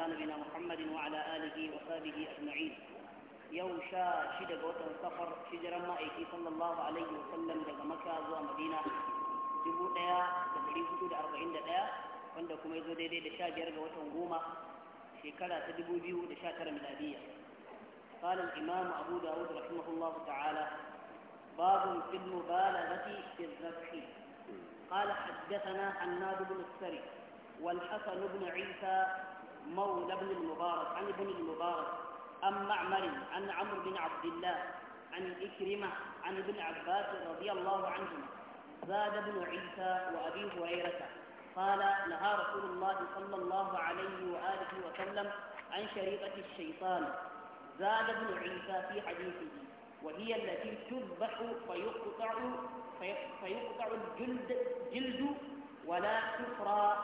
على نبينا محمد وعلى آله وصحبه أجمعين يوم شا شد قوت السفر شد رمائك صلى الله عليه وسلم دقى مكة زوى مدينة جبوت ديا تبري فتود أربعين ديا فاندى كميزو دي دي دشا جير قوت انقومة شكالا تدبو بيو دشا ترمي قال الإمام أبو داود رحمه الله تعالى باب في المبالغة في الذبح قال حدثنا عناد بن السري والحسن بن عيسى مولى بن المبارك عن ابن المبارك عن معمر عن عمرو بن عبد الله عن إكرمة عن ابن عباس رضي الله عنهما زاد بن عيسى وأبي هريرة قال نهى رسول الله صلى الله عليه وآله وسلم عن شريطة الشيطان زاد بن عيسى في حديثه وهي التي تذبح فيقطع فيقطع الجلد جلد ولا تفرى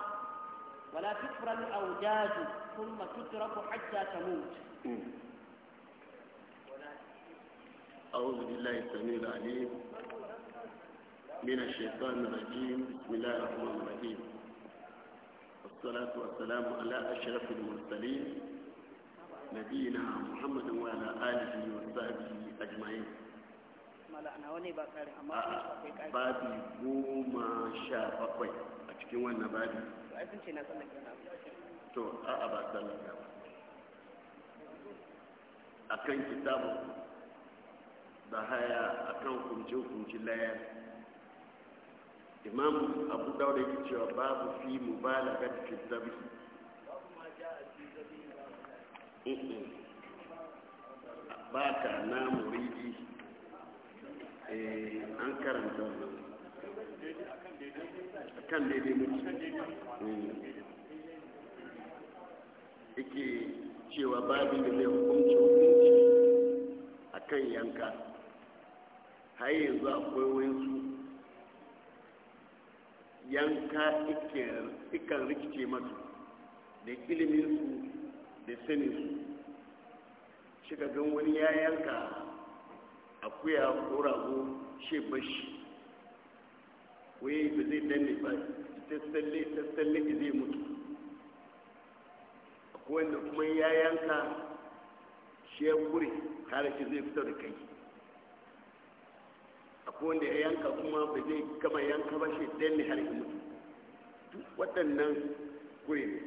ولا تكفر الأوجاج ثم تترك حتى تموت أعوذ بالله السميع العليم من الشيطان الرجيم بسم الله الرحمن الرحيم والصلاة والسلام على أشرف المرسلين نبينا محمد وعلى آله وصحبه أجمعين babi goma sha bakwai a cikin wannan babi ai sun ce na to ba akan da haya kunce-kunce layar imam abu daura yake cewa babu fi mubalaga cikin zabi ba ka na muridi eh, an karanta wannan kan daidai mutu hmm. yake cewa babu da zai hukunci hukunci a kan yanka har yanzu akwai wayansu yanka ikan rikice masu da iliminsu da saninsu shiga gan wani ya yanka akuya ko rago shi bashi waye ba zai danne ba ta tsalle tsalle ke zai mutu akwai da kuma ya yanka shi ya kure har shi zai fito da kai akwai wanda ya yanka kuma ba zai kama yanka ba shi danne har ya mutu duk waɗannan kure ne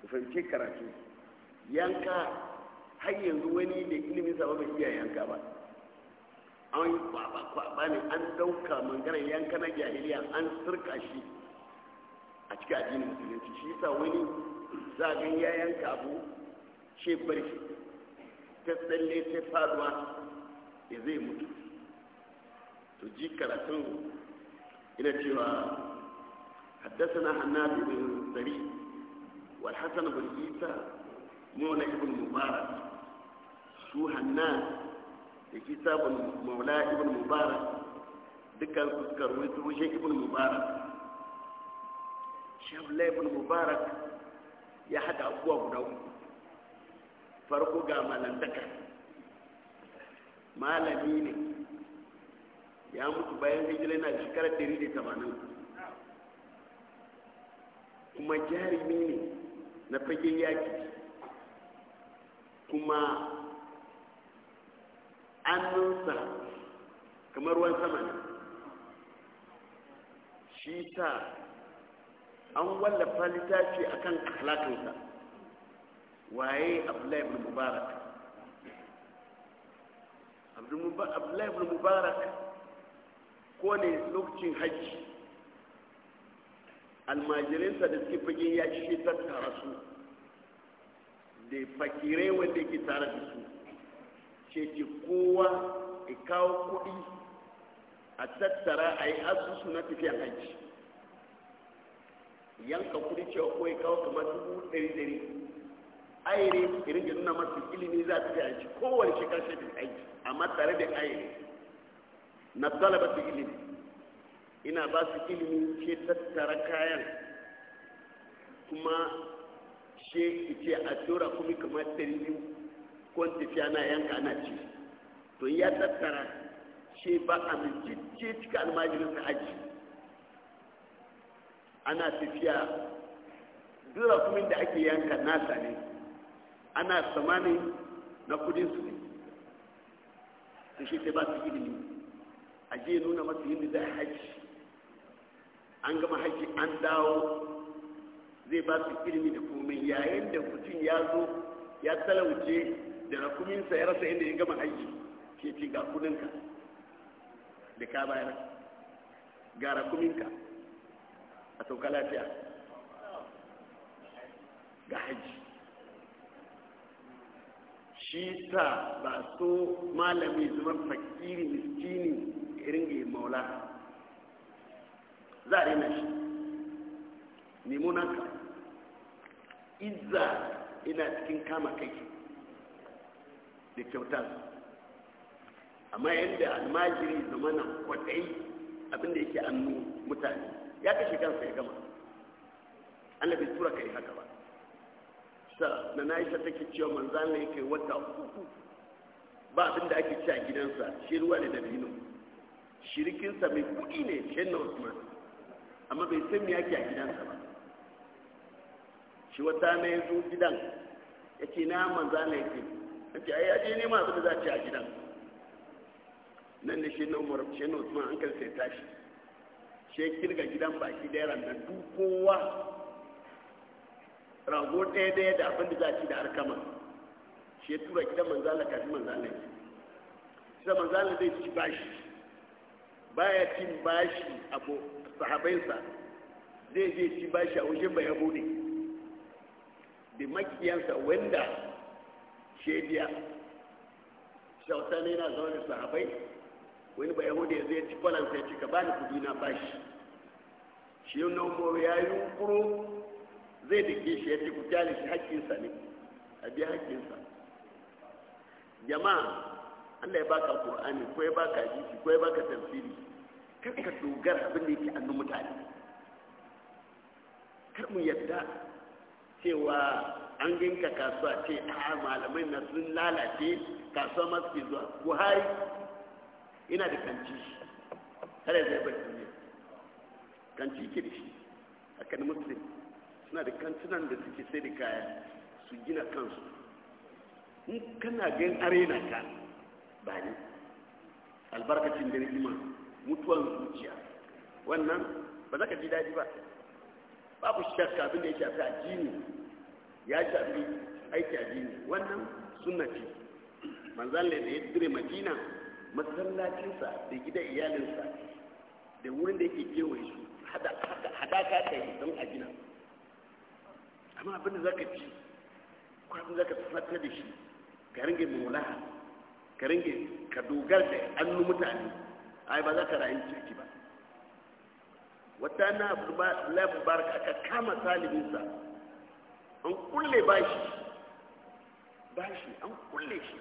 ku karatu yanka har yanzu wani da ilimin sa ba bai iya yanka ba an kwaba-kwaba ne an dauka mangaren yanka na jahiliya an sirka shi a cikin addinin musulunci shi sa wani zagin ya yanka abu ce bari ta tsalle ta faruwa ya zai mutu to ji karatun ina cewa Haddasa حدثنا da بن سري والحسن بن عيسى مولى ibn mubarak su hannu da kitabun maula ibn mubarak dukkan su suka rubuta rushe ibn mubarak shabla ibn mubarak ya hada abubuwa guda uku farko ga malantaka malami ne ya mutu bayan hijira yana shekarar 180 kuma jarumi ne na fagen yaki kuma hannunsa kamar ruwan sama ne shi ta an wallafa littafi akan akhlakinsa waye abdullahi ibn mubarak abdullahi ibn mubarak ko ne lokacin hajji almajirinsa da suke fagen ya shi tattara su da fakirai wanda ke tare da su ce ki kowa ya kawo kudi a tattara a yi asusu na tafiya hajji yanka kudi cewa ko ya kawo kamar dubu ɗari ɗari aire irin da nuna masu ilimi za ta fi aiki kowane shekar shafi aiki amma tare da aire na talaba su ilimi ina ba su ilimi ce tattara kayan kuma ce ce a tura kuma kamar ɗari biyu ko tafiya na yanka ana ci to ya tattara shi ba a ce cikin almajirin sa aji ana tafiya dura kuma da ake yanka nasa ne ana samani na kudin su ne to shi sai ba su ilimi a je nuna masu yin da haji an gama haji an dawo zai ba su ilimi da komai yayin da mutum ya zo ya talauce da rakuminsa ya rasa inda ya gama aiki ke ce ga kudinka da ka bayar ga rakuminka a sauka lafiya ga haji shi ta ba so malami zama fakiri miskini irin ga maula za a rena shi nemo nanka izza ina cikin kama kai da kyautar amma yadda almajiri zamana kwaɗai abinda yake annu mutane ya kashe kansa ya gama Allah bai tura kai haka ba sa na na'isha take cewa manzan ne kai wata uku ba abinda ake ci a gidansa shi ruwa ne da bino shirikinsa mai kuɗi ne shi na usman amma bai san me yake a gidansa ba shi wata na ya zo gidan ya ce na manzan ne kai ake a ya je nema abin da za a ci a gidan nan da shi na umar shi na usman an kan sai tashi shi kirga gidan baki daya da duk kowa rago ɗaya ɗaya da abin da za a ci da arkama shi tura gidan manzala kafin manzala ya sai manzala zai ci bashi baya cin bashi abu sahabainsa zai je ci bashi a wajen bayan bude da makiyansa wanda shediya shauta ne na da sahabai wani ba yahudu ya zai ci kwalansa ya cika ba ni kudi na bashi shi nomo ya yi kuro zai dake shi ya ce ku kyale shi haƙƙinsa ne a biya haƙƙinsa jama'a Allah ya baka Qur'ani ko ya baka jiki ko ya baka tafsiri kar ka dogara abin da yake annu mutane kar mu yadda cewa an ginka kasuwa ce a malamai na sun lalace kasuwa masu zuwa buhari ina da kanci kare zai bai duniya kanci ke da shi a kan muslim suna da kantunan da suke sai da kaya su gina kansu in kana gan arena ka ba ne albarkacin da rigima mutuwan zuciya wannan ba za ka ji daji ba babu shakka abin da ya shafi a jini ya shafi aiki addini wannan suna ce manzalle da ya dire madina masallacinsa da gidan iyalinsa da wurin da yake kewaye su hadaka ta yi don a gina amma abin da ka ci kwanan ka tafata da shi ka ringe maulaha ka ringe ka dogar da annu mutane ai ba za ka rayu kirki ba wata na abu ba labar ka kama salibinsa an kulle bashi bashi an kulle shi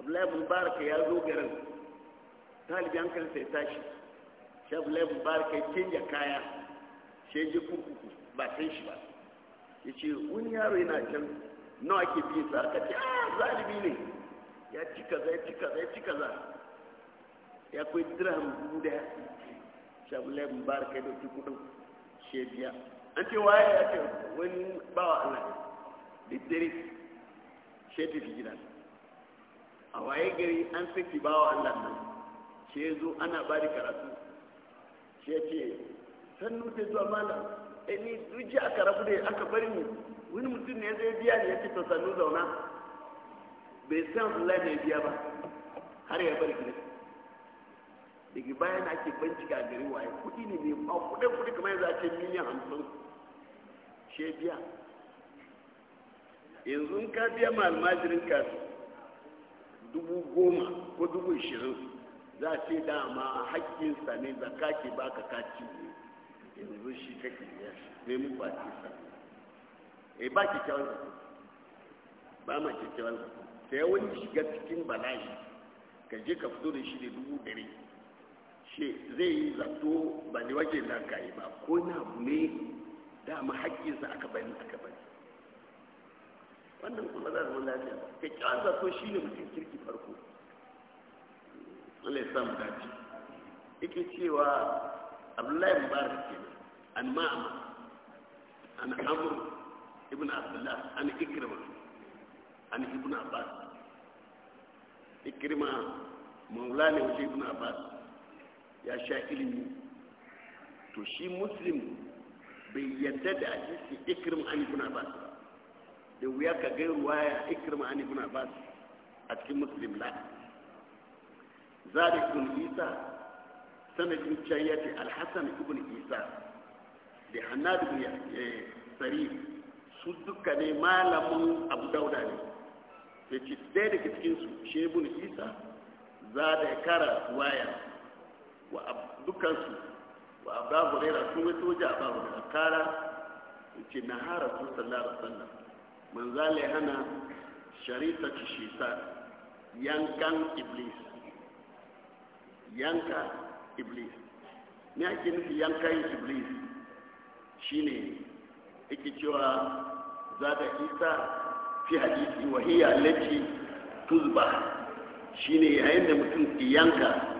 abdullahi mubaraka ya zo garin talibi an kansa ya tashi shi abdullahi mubaraka ya canja kaya shi ji kurkuku ba san shi ba ya ce wani yaro yana can nawa ke biyu sa aka ce a ah, zalibi ne ya ci kaza ya ci kaza ya ci kaza ya kai dirham guda daya shi abdullahi mubaraka ya dauki kudin shi biya an ce waye ya ce wani bawa Allah duk dare shi tafi gida a waye gari an saki bawa Allah nan shi ya zo ana ba da karatu shi ya ce sannu ta zuwa mana eh ni duji aka rabu da aka bari mu wani mutum ne zai biya ne ya ce to sannu zauna bai san Allah ne biya ba har ya bari gida daga bayan ake bincika a gari waye kudi ne mai ba kudin kudi kamar yanzu a ce miliyan hamsin shi biya yanzu in ka biya ma almajirin ka dubu goma ko dubu ishirin za a ce dama a sa ne kake ke ka kaci ne yanzu shi ke biya shi ne mu ba ce sa e ba kyawar zato ba ma kyawar zato ta yawon shiga cikin bala'i ka je ka fito da shi da dubu ɗari she zai yi zato ba ne wajen da ka yi ba ko na abu ne dama haƙƙinsa aka bani aka bani wannan kuma za su lafiya kyakkyawan zato shi ne mutum kirki farko Allah ya samu dace yake cewa abdullahi mubarak kenan an ma'ama an amur ibn abdullah an ikirma an ibn abbas ikirma maula ne wajen ibn abbas ya sha ilimi to shi muslim bai yadda da hadisi ikrim an ibn abbas da wuya ka ga ruwaya ikrim an ba abbas a cikin muslim la zalik ibn isa sanadin can ya ce alhassan ibn isa da da ya tsari eh, su duka ne malamin abu dauda ne ya ce ɗaya daga cikinsu shebun isa za da kara waya wa dukkansu wa abu huraira sun wato waje babu da kara ce na hara sun sallara sannan manzala ya hana sharita ci shisa yankan iblis yanka iblis ne ake nufi yankan iblis shine ake cewa za ta isa fi hadisi wahiyar lati tuzba shine yayin da mutum yanka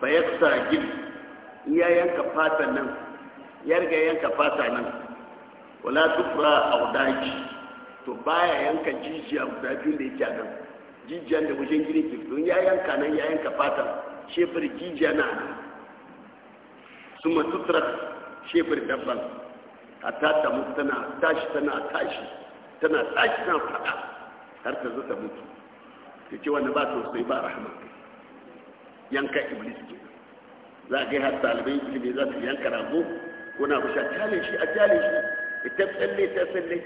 fa ya iya yanka fata nan ya riga yanka fata nan wala tufra audaki to baya yanka jijiya guda biyu da yake a nan jijiyan da wajen gini ke don ya yanka nan ya yanka fata shefar jijiya na nan su matutra shefar dabban a ta ta tana tashi tana tashi tana tashi tana fada har ta zo ta mutu ta ce wani ba sosai ba rahama yanka iblis ke za a kai har talibai ilimi za su yanka rago ko na busha kyale shi a cale shi ita tsalle ta tsalle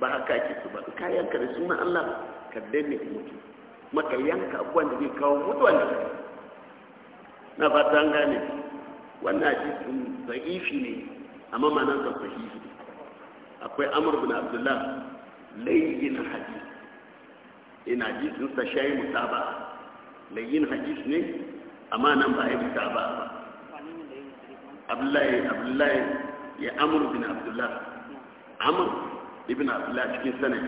ba haka ke su ba ka yanka da sunan allah ka danne mutu maka yanka abuwan da zai kawo mutuwan da na fata an gane wannan hadisin zaifi ne a mamanan sa sahihi akwai amur bin abdullah layyin hadis ina hadisin sa shayi mutaba layyin hadis ne أمانة بأيب كعبا عبد الله عبد الله يا عمرو بن عبد الله عمرو بن عبد الله شكين سنة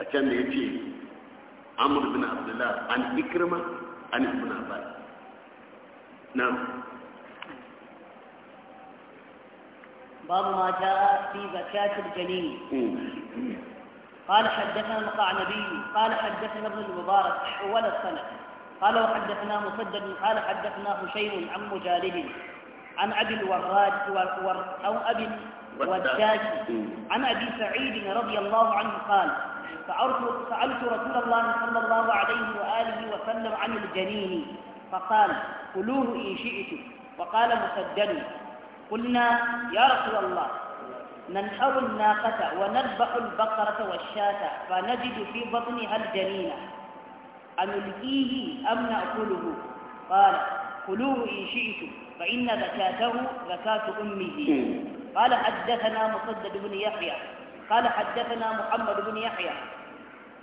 أكان يجي عمرو بن عبد الله عن إكرمة عن ابن عباس نعم باب ما جاء في زكاة الجنين قال حدثنا نبي قال حدثنا ابن المبارك ولا سنة قال وحدثنا مسدد قال حدثنا هشيم عن مجالد عن أبي الوراد أو أبي والداج عن أبي سعيد رضي الله عنه قال سألت رسول الله صلى الله عليه وآله وسلم عن الجنين فقال كلوه إن شئت وقال مسدد قلنا يا رسول الله ننحر الناقة ونذبح البقرة والشاة فنجد في بطنها الجنين أنلقيه أم نأكله قال كلوه إن شئتم فإن زكاته زكاة أمه قال حدثنا مصدد بن يحيى قال حدثنا محمد بن يحيى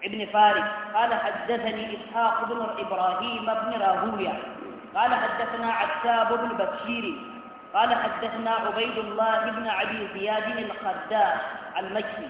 ابن فارس قال حدثني إسحاق بن إبراهيم بن راهوية قال حدثنا عتاب بن بشير قال حدثنا عبيد الله بن عبي زياد الخداش المكي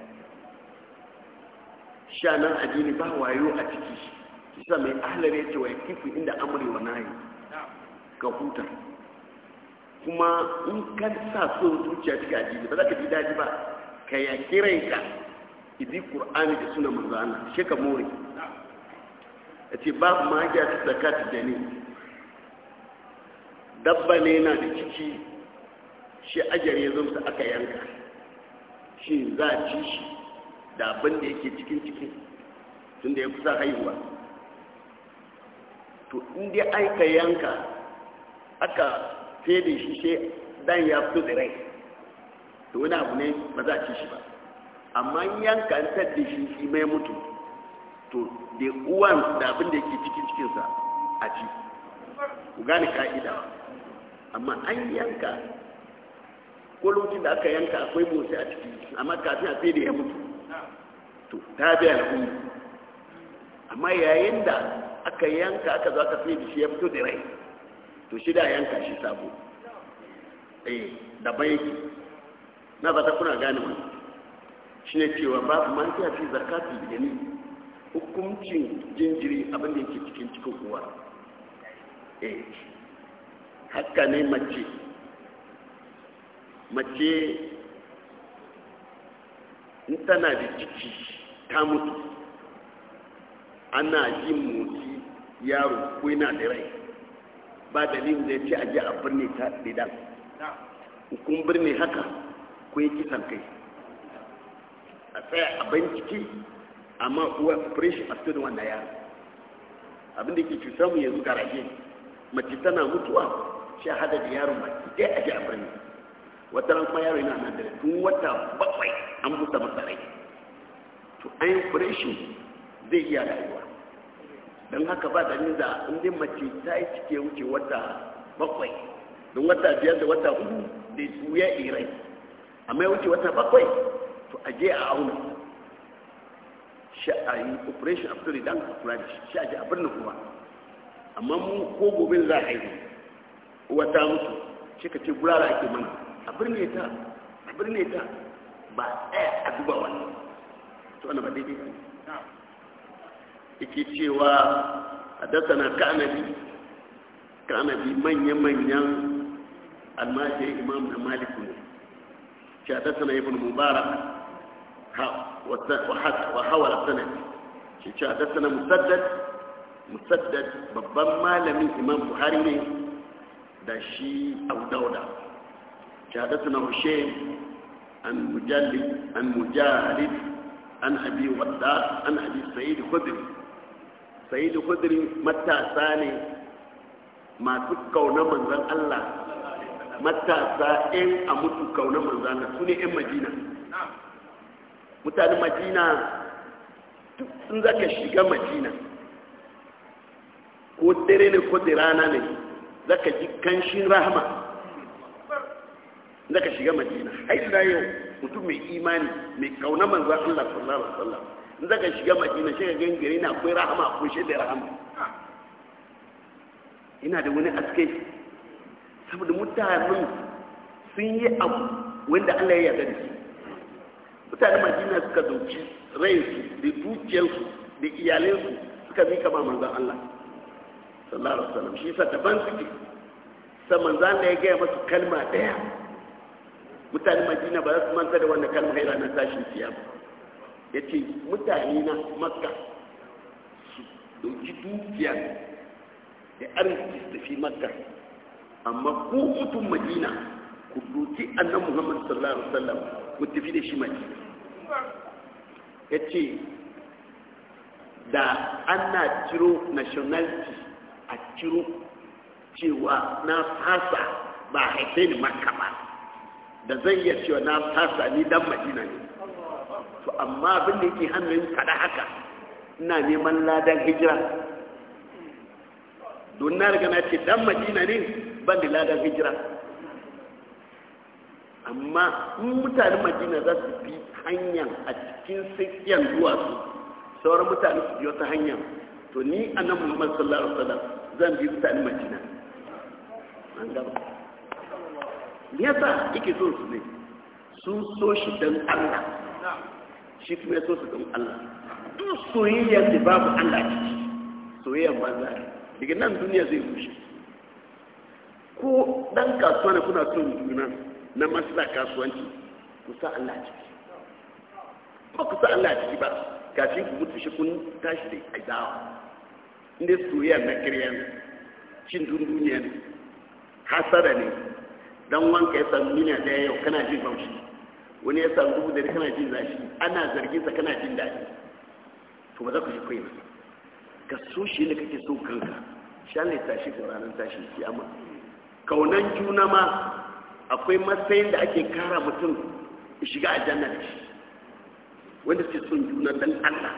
shanan addini ba wayo a ciki shi? kisa mai ahalar ya ce wa kifi inda amurewa na yi ka huta kuma in ka sa son zuciya cikin addini ba za ka ji daji ba ka ya kira ka idi qur'ani da sunan manzo Allah shi ka more yace ba ma ya ta zakat da ne dabba ne na da ciki shi ajare zumsa aka yanka shi za a ci shi da abin da yake cikin cikin tun da ya kusa haihuwa to inda aika yanka aka fede shi sai dan ya fito da rai to wani abu ne ba za a ci shi ba amma yanka an tadde shi shi mai mutu to da uwan da abin da yake cikin cikinsa a ci ku gane ka'ida amma an yanka ko lokacin da aka yanka akwai motsi a ciki amma kafin a fede ya mutu to ta bi al'umma amma yayin da aka yanka aka za ka fi da shi ya fito da rai to shi da yanka shi sabo eh bai yake na ba ta kuna gane wani shi ne cewa su man ta fi zakatu da ni hukuncin jinjiri abin da yake cikin cikin uwa eh haka ne mace mace in tana da ciki ta mutu ana jin motsi yaro ko yana da rai ba dalilin da ya ce aje a birni ta didan kun birni haka ko ya kisan kai a tsaya a bincike amma uwa fresh a cikin wanda yaro abin da ke cutar mu yanzu garaje mace tana mutuwa shi hada da yaron baki ɗaya aje a birni wata ran kuma yaro yana nan da tun wata bakwai an buta masa rai to an kureshi zai iya rayuwa don haka ba da niza inda mace ta yi cike wuce wata bakwai don wata biyar da wata hudu da tsuya irai amma ya wuce wata bakwai to a je a auna sha'ayi operation after the dance of da shi a birnin kuma amma mu ko gobe za a haihu wata mutu shi ka ce gurara ake mana a birne ta a birne ta ba ɗaya a duba wannan to ana bade daidai yake cewa haddasana kanabi kanabi manya-manyan almajiyar imam na maliku ne ce na ibn mubarak وحاول السند شيخ na musaddad musaddad babban malamin imam buhari ne da shi abu dauda شهادتنا هشيم na hushe an mujallid an abi wadda an abi sayid khudri sayid khudri matasa ne masu kauna manzan Allah matasa in a mutu kauna manzan Allah su ne yan Madina mutanen Madina sun zaka shiga Madina ko dare ne ko da rana ne zaka ji kanshin rahama zaka shiga Madina har yau mutum mai imani mai kauna manzan Allah sallallahu alaihi wasallam in zaka shiga madina sai ka ga gari na akwai rahama akwai shaidar rahama ina da wani aske saboda mutanen sun yi abu wanda Allah ya yarda da su mutanen madina suka dauki su da dukiyarsu da iyalansu suka mika ba manzan Allah sallallahu alaihi wasallam shi sa daban suke sai manzan Allah ya gaya masu kalma daya mutane madina ba za su manta da wannan kalmar haira na tashin siya ya ce mutane na makka su dauki dukiya da arziki su tafi makka amma ko mutum madina ku doki annan muhammad sallallahu alaihi wasallam ku tafi da shi madina ya ce da ana ciro nationality a ciro cewa na fasa ba a ni makka ba da zai iya cewa na tasa ni dan madina ne to amma abin da yake hannun kada haka ina neman ladan hijira don na riga na ce dan madina ne ban da ladan hijira amma in mutane madina za su bi hanyar a cikin sikiyar su, sauran mutane su biyo ta hanyar to ni a nan muhammadu sallallahu alaihi wasallam zan bi mutane madina an gaba me yasa kike so su ne sun so shi dan Allah shi kuma ya so su dan Allah duk soyayya da babu Allah ciki soyayya za daga nan duniya zai rushe ko dan kasuwa ne kuna son juna na masala kasuwanci ku sa Allah ciki ba ku sa Allah ciki ba kafin ku mutu shi kun tashi da aizawa inda soyayya na kiryan cin duniya ne hasara ne dan wanka ya samu miliyan daya yau kana jin haushi wani ya samu dubu dari kana jin zashi ana zargin sa kana jin daɗi to ba za ku shi kwaye ka so shi ne kake so kanka shan tashi ko ranar tashi kiyama kaunan juna ma akwai matsayin da ake kara mutum shiga aljanna da shi wanda suke son juna dan Allah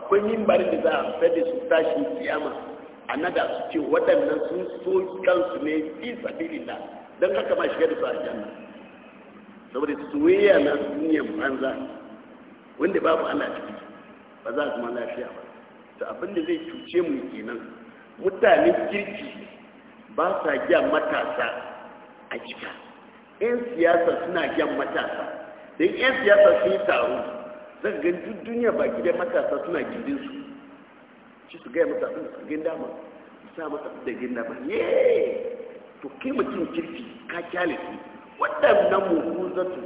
akwai mimbarin da za a fada su tashi kiyama a nada su ce waɗannan sun so kansu ne fi sabilillah don haka ma shiga da su janna saboda soyayya na duniyan banza wanda babu Allah ciki ba za su ma lafiya ba to abin da zai cuce mu kenan mutanen kirki ba sa gyan matasa a cika yan siyasa suna gyan matasa don yan siyasa sun yi taro zan gan duk duniya ba gidan matasa suna gidin su shi su gaya masa abin da su gin ma su sa masa abin da gin ma yeee to kai mutum kirki ka kyale su waɗannan muhuzatu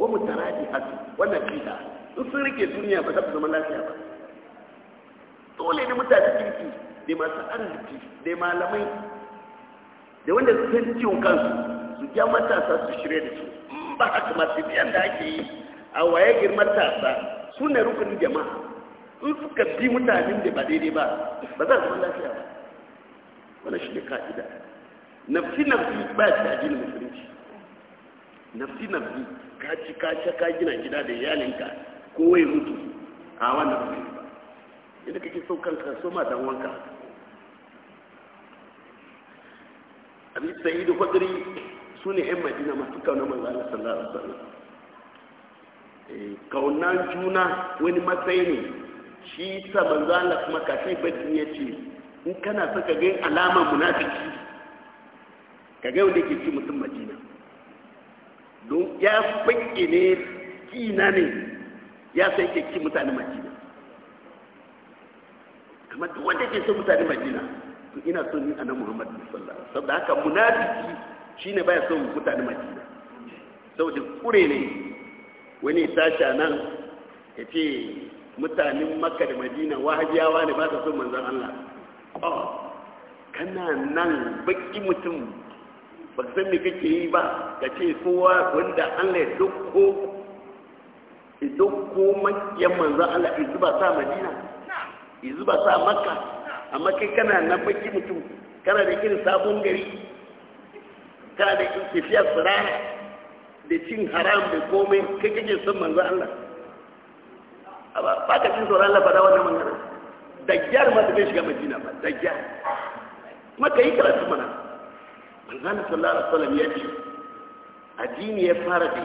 wa mutaradi hatu wannan kida in sun rike duniya ba za su zama lafiya ba dole ne mutane kirki da masu arziki da malamai da wanda su san ciwon kansu su ja matasa su shirya da su ba ba haka masu biyan da ake yi a waye girmar tasa su ne rukunin jama'a in suka bi mutanen da ba daidai ba ba za su zama lafiya ba wannan shi ne ka'ida nafsi nafsi ba shi a jinin musulunci nafsi nafsi ka ci ka sha ka gina gida da iyalinka ko wai mutu a wannan ba inda kake so kanka so ma dan wanka abin sa'idu kwadiri su ne 'yan madina masu kauna Allah sallallahu alaihi wasallam eh, kauna juna wani matsayi ne shi ta Allah kuma kafin bakin ya ce in kana saka gan alama munafiki ka ga wanda ke ci mutum madina don ya fanke ne kina ne ya sai ke ci mutane madina amma duk wanda ke son mutane madina to ina son ni annabi Muhammad sallallahu alaihi wasallam haka munafiki shine baya son mutane madina saboda kure ne wani tashi nan ya ce mutanen makka da madina wahabiyawa ne ba ta son manzon Allah oh, kana nan baki mutum ba ka san me kake yi ba ka ce kowa wanda Allah ya dokko idokko makiyan manzo Allah izuba sa Madina izuba sa Makka amma kai kana nan baki mutum kana da irin sabon gari kana da irin tafiya sirara da cin haram da komai kai kake son manzo Allah ba ka cin tsoron Allah ba da wannan magana dajjal ma da bai shiga Madina ba dajjal maka yi karatu mana manzana sallallahu alaihi wasallam ya ce addini ya fara da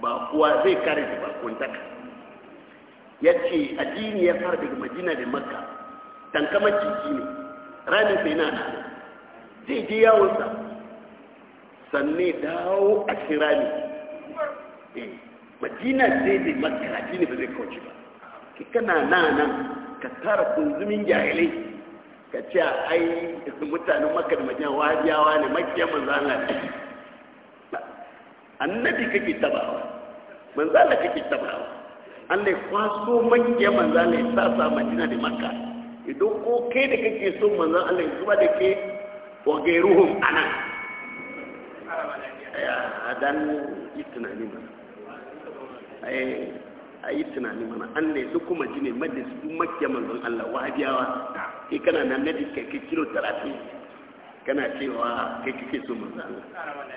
ba kuwa zai kare da taka ya ce addini ya fara daga madina da makka tankamar ciki ne ranar sai na nan zai je yawonsa sanne dawo a kira ne eh, madina zai zai makka addini ba zai kauce ba kika na nan ka tara kunzumin jahilai ka ce ai mutanen maka da madina wahabiyawa ne makiyan manzo Allah ne annabi kake tabawa manzo Allah kake tabawa Allah ne kwaso makiyan manzo Allah ya sa sa madina da makka idan ko kai da kake so manzo Allah ya zuba da ke wa ruhu ana ya dan yi tunani ma a yi tunani mana an ne su kuma ji ne madis duk makiya manzon Allah wahabiyawa ke kana na nadi kai kilo 30 kana cewa kai kake so manzon Allah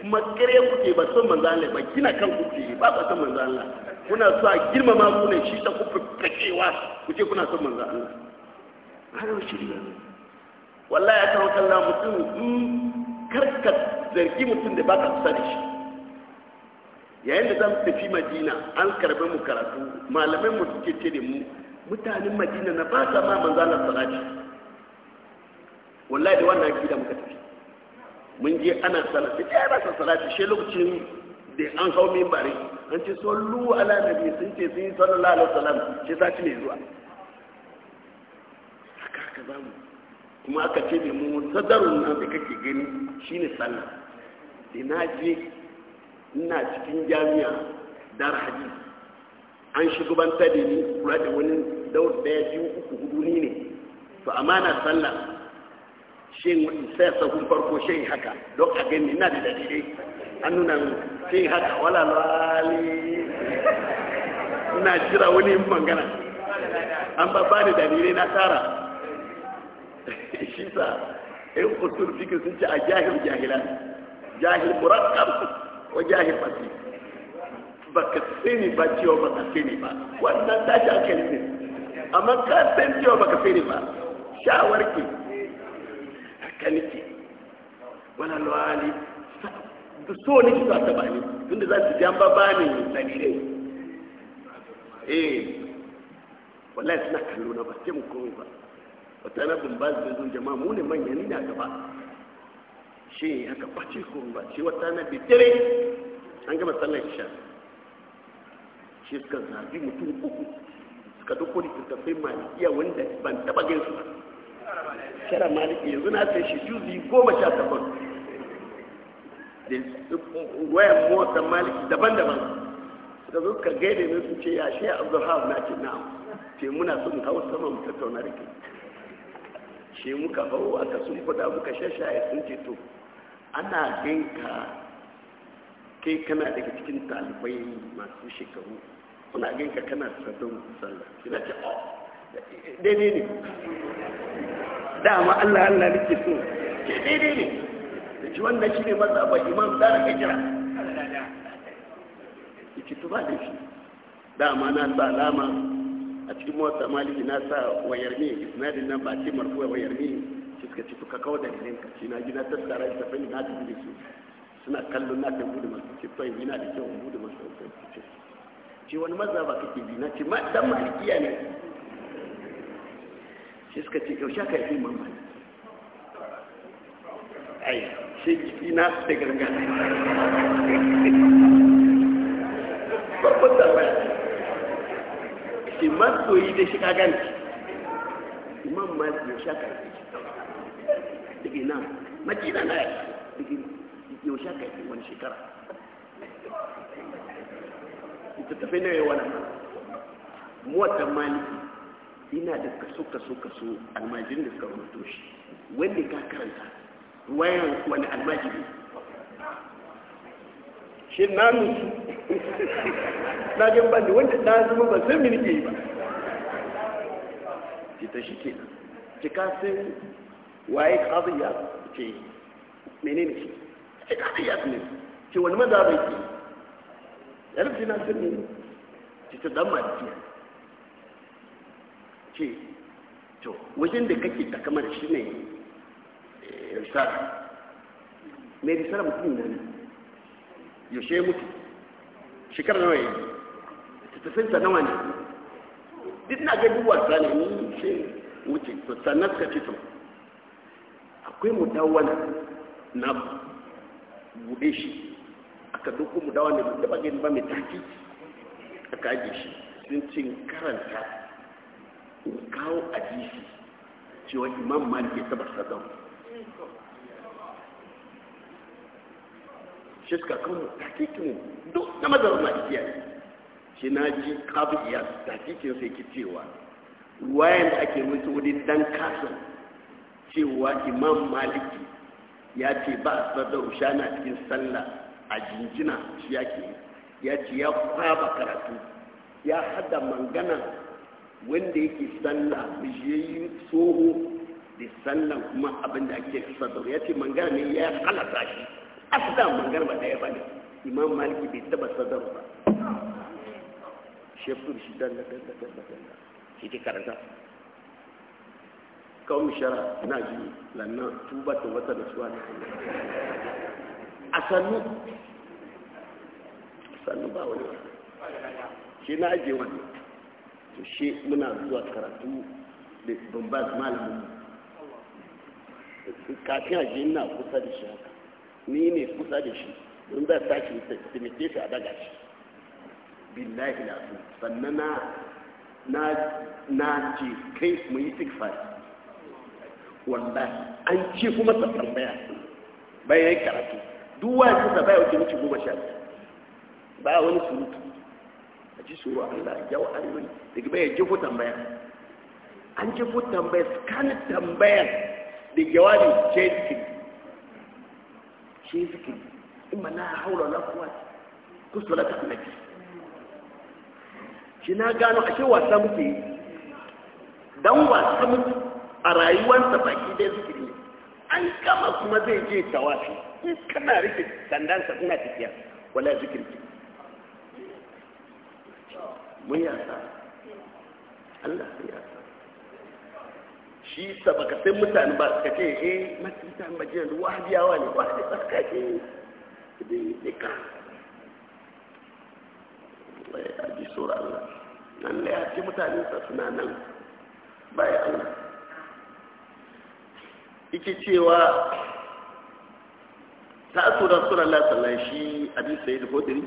kuma kare kuke ba son manzon Allah ba kina kan kuke ba ba son manzon Allah kuna so a girmama ku ne shi ta ku fitacewa ku ce kuna son manzon Allah har shirya wallahi ya kawo kallon mutum in mm, karka zargi mutum da baka kusa da shi yayin da zamu tafi madina an karbe mu karatu malamai mu suke ce da mu mutanen madina na ba sa ma manzo Allah salati wallahi da wannan kida muka tafi mun je ana salati sai ba sa salati shi lokacin da an hau minbari an ce sallu ala nabi sun ce sai sallallahu alaihi wasallam shi sati ne zuwa haka haka zamu kuma aka ce da mu sadarun nan da kake gani shine sallah dinaje na je ina cikin jami'a dar hadis an shugabanta da ni kula da wani daur daya biyu uku hudu ni ne to amana sallah shin sai sahun farko shin haka don a gani ina da dalilai an nuna shin haka wala lali ina jira wani mangana an ba ba da dalilai na tara shi sa in kusur fikin sun ce a jahil jahila jahil murakkab wajahin masu ba ka sani ba cewa ba ka sani ba wannan tashi hankali ne amma ka san cewa ba ka sani ba shawarki haka nake wani lawali da so ne ki za ta bani tunda za su jamba ba ne dalilai eh wallahi suna kallo na ba sai mu komai ba wata na bin ba su jama'a mu ne manya ni na gaba shi ya ka ɓace kurun ba shi wata na bitere an gama sallar isha shi suka zabi mutum uku suka duk wani tattafai malikiya wanda ban taɓa gaisu ba shara maliki yanzu na sai shi juzi goma sha takwas da wayan motsa maliki daban-daban da zo ka gaida ne su ce ya shi a zuhar na ce na ce muna son hau sama mu tattauna da ke shi muka hau aka sun fada muka shashaye sun ce to ana ganka kai kana daga cikin talibai masu shekaru kuna ganka kana sadon sallah kina ce o oh, daidai ne dama allah allah nake so ke daidai ne da ci wannan shi ne maza ba mazaba imam tsara hijira ita tuba da shi dama na sa alama a cikin mawata maliki na sa wayar ne na nan ba ce marfuwa wayar ne suka ce to ka kawo da ka na ita fa ni na da su suna kallon na gudu masu ce da kyau gudu masu ce ce wani kake bi na ce dan malikiya ne shi suka ce ka yi ai shi na da babban masoyi da shi imam malik suke nan madina na ya yaushe ka yi wani shekara ita tafi na yawa na muwatan maliki ina da kaso kaso kaso almajirin da suka rubuto shi wanda ka karanta wayan wani almajiri shi na nusu na gan ba da wanda na zama ba sai mini ke yi ba ita shi ke nan cika sai waye qadiya ce menene shi ai qadiya ne ce wani mazhabi ke yar jina sun ne ce ta dama malikiya ce to wajen da kake takama kamar shi ne eh, risala me risala mutum ne yaushe mutu shekara nawa yi tafinsa nawa ne duk na ga duk wasa ne ni shi wuce to sannan suka ce to akwai mudawana na buɗe shi aka duk mudawwana da ba ba mai taki aka aje shi sun karanta kawo shi, cewa imam malik ya tabar sadan shi suka kan taki takikin duk na na ikiya shi na ji taki takikin sai ki cewa ruwayan da ake mutu wani dan kasan cewa imam maliki ya ce ba a sadar na cikin sallah a jinjina shi yake ya ce ya kwaba karatu ya hada mangana wanda yake sallah bijiyayi tsoho da sallah kuma abinda ake sadar ya ce mangana ne ya halata shi asida mangana ba da ba ne imam maliki bai taba sadar ba shekuru shi dalla dalla dalla dalla shi ke karanta kawo shara na ji lannan tuba ta wata da suwa a sannu sannu ba wani shi na ajiye wani to shi muna zuwa karatu da bambas malamin kafin ajiye na kusa da shi haka ni ne kusa da shi don a tashi taimake shi a daga shi billahi lafi sannan na na ce kai mu yi tikfari Wanda an ce kuma ta tambaya bayan yayi karatu duk wani kusa baya wuce mace goma sha baya wani surutu a ji suru Allah ya wa ayoyi daga baya jefo tambaya an jefo tambaya kan tambaya da jawabi ce zikin ce zikin imma na haura na kuwa kusura ta annabi shi na gano ashe wasa muke dan wasa mutu a rayuwarsa baki dai zikiri ne an kama kuma zai je tawafi in kana rike sandansa kuna tafiya wala zikiri ki mun ya sa Allah sai ya sa shi sa baka sai mutane ba suka ce eh masu mutane ba jiya wahabiyawa ne ba da tsaka ke da nika Allah ya ji sura Allah nan ya ce mutane sa suna nan baya Allah ita cewa ta asura suna sallallahu shi bisa yi da hodiri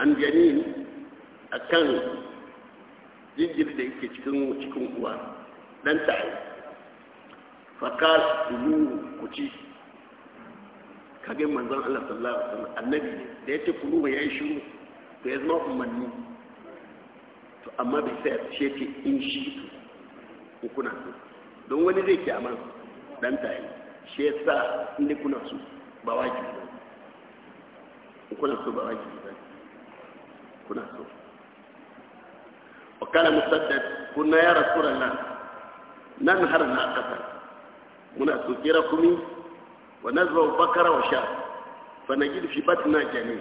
an jani a kan jinjiri da yake cikin cikin uwa dan yi fakar dulu kuci kagin manzan Allah sallallahu alaihi wasallam annabi ne da ce kulu ya yayi shiru to ya zama umarni to amma bai sai ce in shi ku kuna so don wani zai ki amana dan tayi shi yasa inda kuna su ba wajibi ba kuna so ba wajibi ba kuna so wakala musaddad kuna ya rasulallah nan har na kasar muna so kira kumi wa nazwa bakara wa sha fa na gidi fi batna jani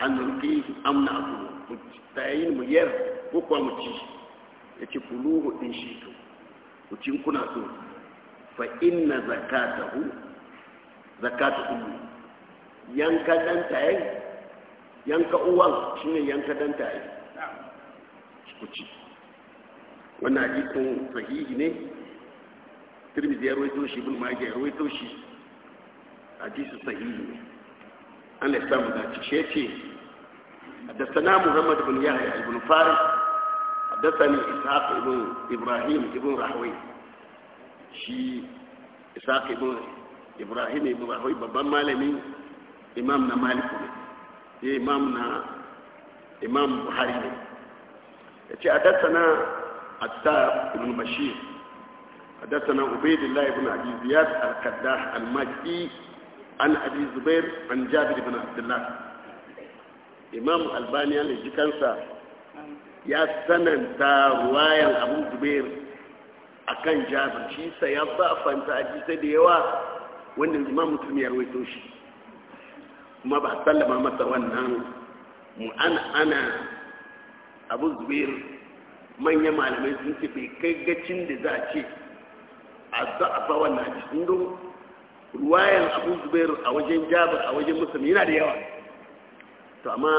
an nulki amna abu tayin mu yar ko kwa mu ci ya ci kuluhu din shi to kuna so fa inna zakatahu zakatu yanka dan tayi yanka uwan ne yanka dan tayi ku ci wannan sahihi ne tirmidhi ya rawaito shi ibn majah ya rawaito shi hadisi sahihi ne Allah ya samu dace shi yace حدثنا محمد بن يحيى بن فارس ne اسحاق بن ابراهيم shi isaac ibn ibrahim ibn rahoyi babban malami imam na maliku ne ya imam na imam buhari ne ya ce hadassana attar ibn bashir hadassana ubaidillah ibn abi ziyad al-kaddah al-maki an abi zubair an jabir ibn abdullah imam albani ya jikansa ya sananta ruwayan abu zubair akan jabir shi sa ya ba fanta sai da yawa wanda imam mutum ya rawaito shi kuma ba sallama masa wannan mu ana ana abu zubair manya malamai sun ce bai kai gacin da za a ce a a ba wannan aji indo ruwayan abu zubair a wajen jabir a wajen musulmi yana da yawa to amma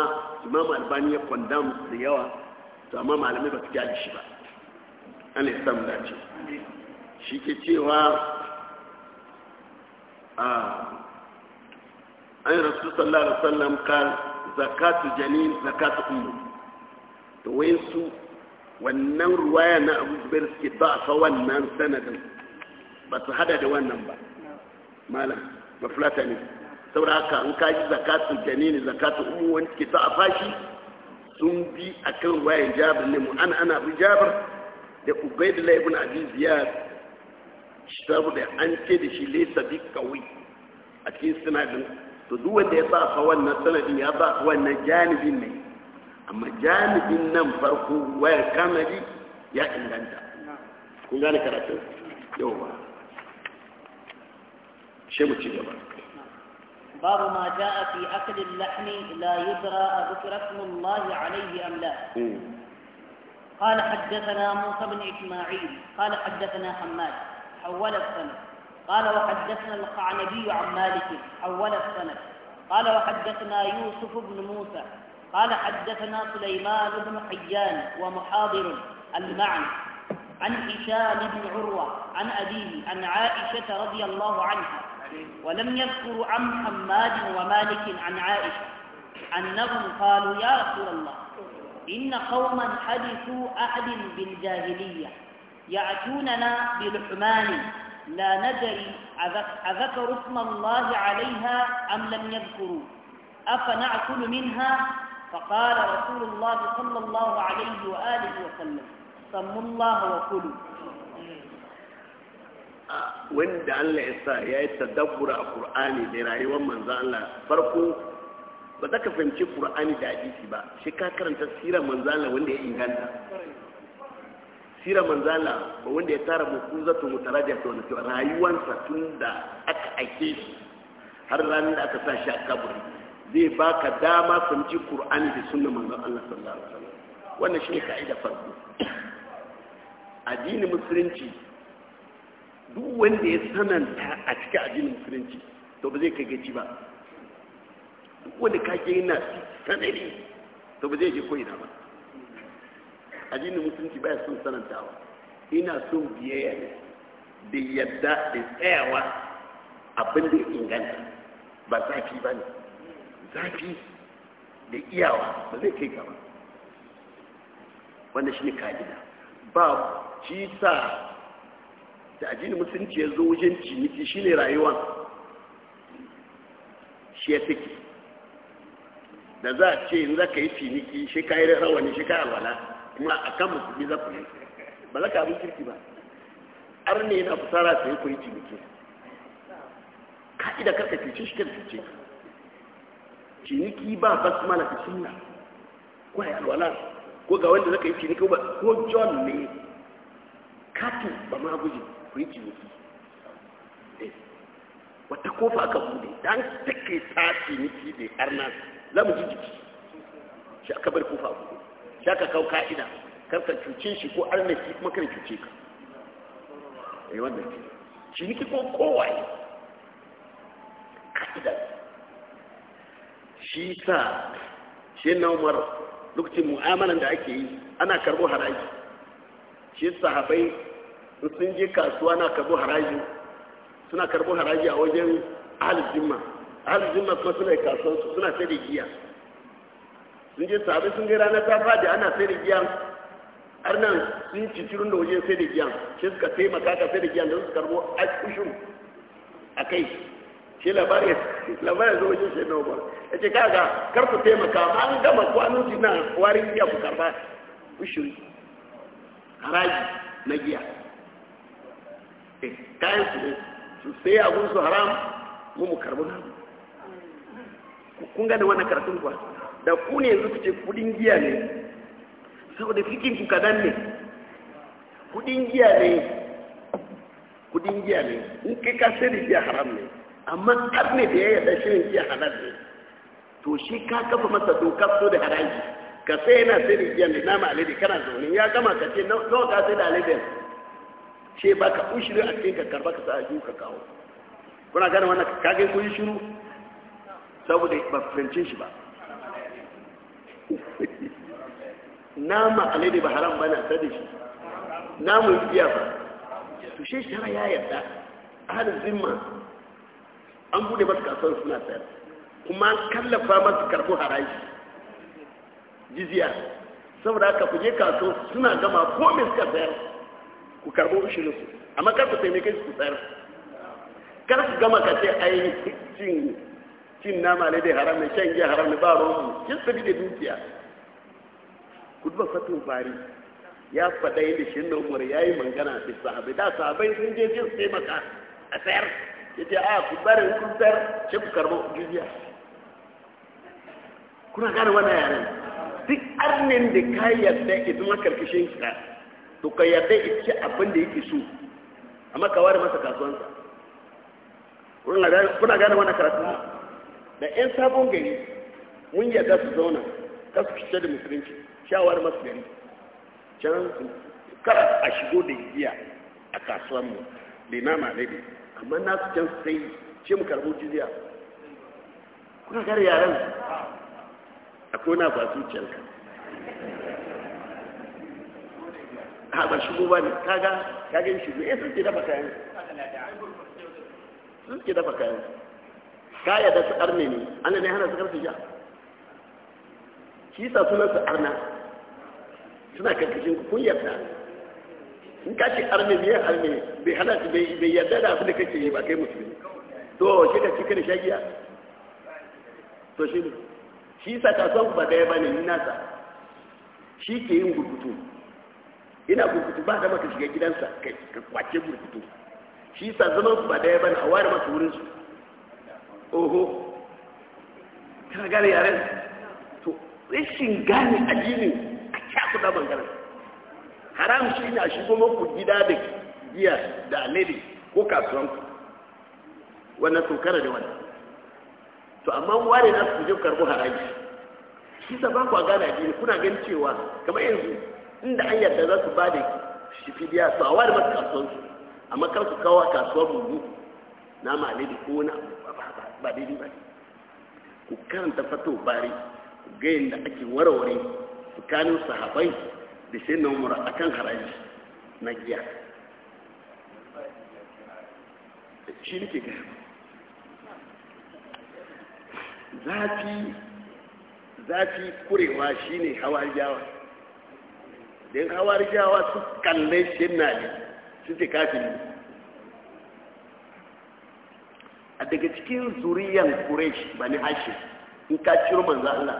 imam albani ya kwandam da yawa to amma malamai ba su gyali shi ba ana yi samun dace shi ke cewa a ah, an rasu sallallahu alaihi wasallam kan zakatu janin zakatu ummu to su wannan ruwaya na abu zubair suke ba a wannan sanadin ba su hada da wannan ba malam mafilata ne saboda haka an kaji zakatu janin zakatu umu wani suke ta a fashi sun bi akan ruwayan jabir ne mu an ana abu jabir da ubaidullah ibn abi ziyad saboda an ce da shi laysa bi qawi a cikin sanadin to duk wanda ya sa ka wannan sanadin ya sa wannan janibin ne amma janibin nan farko wayar kamari ya inganta kun gane karatu yau ba shi mu ci gaba باب ما جاء في أكل اللحم لا يدرى أذكر اسم الله عليه أم لا قال حدثنا موسى بن إسماعيل قال حدثنا حماد حول السند قال وحدثنا القعنبي عن مالك حول السند قال وحدثنا يوسف بن موسى قال حدثنا سليمان بن حيان ومحاضر المعنى عن هشام بن عروة عن أبيه عن عائشة رضي الله عنها ولم يذكر عن حماد ومالك عن عائشة أنهم قالوا يا رسول الله إن قوما حدثوا أحد بالجاهلية يعتوننا بلحمان لا ندري أذكر اسم الله عليها أم لم يذكروا أفنعكل منها فقال رسول الله صلى الله عليه وآله وسلم سموا الله وكلوا وين Allah الله sa يا yi tadabbura a Kur'ani ومن rayuwar manzo ba za ka fahimci ƙur'ani da hadisi ba shi ka karanta sirar manzala wanda ya inganta sirar manzala ba wanda ya tara muku zato da ta wani rayuwansa tun da aka aike shi har ranar da aka tashi a kaburi zai ba ka dama fahimci ƙur'ani da sunan manzan Allah sallallahu alaihi wannan shi ne ka'ida farko addinin musulunci duk wanda ya sananta a cikin addinin musulunci to ba zai kai gaci ba wanda kake yana sanari to ba zai je koyi na ba addinin musulunci baya son sanantawa ina son biyayya ne da yadda da tsayawa abin da inganta ba zafi ba ne zafi da iyawa ba zai kai gaba wanda shi ne ka'ida ba ci sa da addinin musulunci ya zo wajen ciniki shi ne rayuwa shi ya take da za a ce za ka yi ciniki shi ka yi rawani shi ka yi alwala kuma a kan musulmi za ku yi ba za ka abin kirki ba ar ne yana fusara sai ku yi ciniki ka'ida karka cuce shi kan cuce ciniki ba basmala ta sunna ko ya alwala ko ga wanda zaka yi ciniki ba ko john ne katu ba ma guji ku yi ciniki eh, wata kofa aka bude dan take ta ciniki da arnas za mu ji jiki shi aka bar kufa abu shi aka kawo ka'ida kar ka cuce shi ko arnaki kuma kar cuce ka eh wannan ke shi niki ko kowaye ka'ida shi sa shi na umar lokacin mu'amalan da ake yi ana karbo haraji shi sahabai sun je kasuwa na karbo haraji suna karbo haraji a wajen ahalin jimma ahalin jimma kuma suna su suna sai da giya sun je sabi sun ga na ta da ana sai da giya har nan sun ci cirin da wajen sai da giya shi suka taimaka ka sai da giya da su karbo a kushin a kai shi labari labari zo wajen shi na obar ya ce kaga kar ku taimaka an gama kwanon shi na warin giya ku karba kushin haraji na giya eh, kayan su ne su sai abun su haram mu mu karbi namu kun gane wannan karatun kuwa da ku ne yanzu kuce kudin giya ne saboda fikin ku kadan ne kudin giya ne kudin giya ne in kai ka sani giya haram ne amma har ne da ya yarda shirin giya haram ne to shi ka kafa masa dokar so da haraji ka sai yana sai da giya ne nama alade kana zaune ya gama ka ce nawa ka sai da alade ce baka ushiri a cikin ka karba ka sa a ka kawo kuna gane wannan kagin kun yi shiru saboda ba fahimce shi ba nama alade ba haram ba na sadi shi shi namun biya ba to shi shara ya yarda har zimma an bude masu kasuwar suna sayar kuma an kallafa masu karfi haraji jiziya saboda aka kuje kaso suna gama komin suka sayar ku karbo ushirinsu amma sai ku kai su ku sayar kar gama ka ce ainihin cin nama ne dai haram ne shan giya haram ne ba ruwan mu kin sabi da dukiya ku duba fatin bari ya faɗa yadda shi na umar ya yi mangana da sahabai da sahabai sun je jin sai maka a sayar ya ce a ah, ku bari kun sayar shi ku karɓo jizya kuna gane wani yaren duk arnin da ka yadda ita ma karkashin ka to ka yadda ita abin da yake so amma ka ware masa kasuwansa kuna gane wani karatu da 'yan sabon gari mun yarda su zauna ta su fice da musulunci shawar masu gari can su kara a shigo da giya a kasuwanmu da ma laifi amma na su can sai ce mu karbo jiziya kuna kare yaren a na ba su can ka. ha ba shigo ba ne kaga kagin shigo ya sun ke dafa kayan sun ke dafa kayan kaya da su arne ne ana ne hana su karfi ja shi sa sunan su arna suna karkashin kun yarda in ka ce arne biyar arne bai hana su bai yarda da abin da kake yi ba kai musulmi to shi ka cikin shagiya to shi ne shi sa ka son ba daya ba ne ni nasa shi ke yin gurkutu ina gurkutu ba da maka shiga gidansa ka kwace gurkutu shi sa zama ku ba daya ba ne a ware masa wurinsu Oho, kana gane yaren to rashin gane addini a cakuɗa bangaren haram shi ne a shigo maku gida da giya da alade ko kasuwanku wannan tunkara da wannan to amma ware na su je karɓo haraji shi sa ba ku gane addini kuna gani cewa kamar yanzu inda an yarda za su ba da shi fidiya su a ware masu kasuwansu amma kar su kawo kasuwar mu nama ne da kona ba daidai ba ku karanta fato bari ku ga yadda ake warware tsakanin sahabai da shi na umar a kan haraji na giya shi ne ke gaya zafi zafi kurewa shine hawar jawa don hawar jawa su kalle shi na ne su ce kafin daga cikin zuriyan Quraysh bani Hashim in ka ciro manzo Allah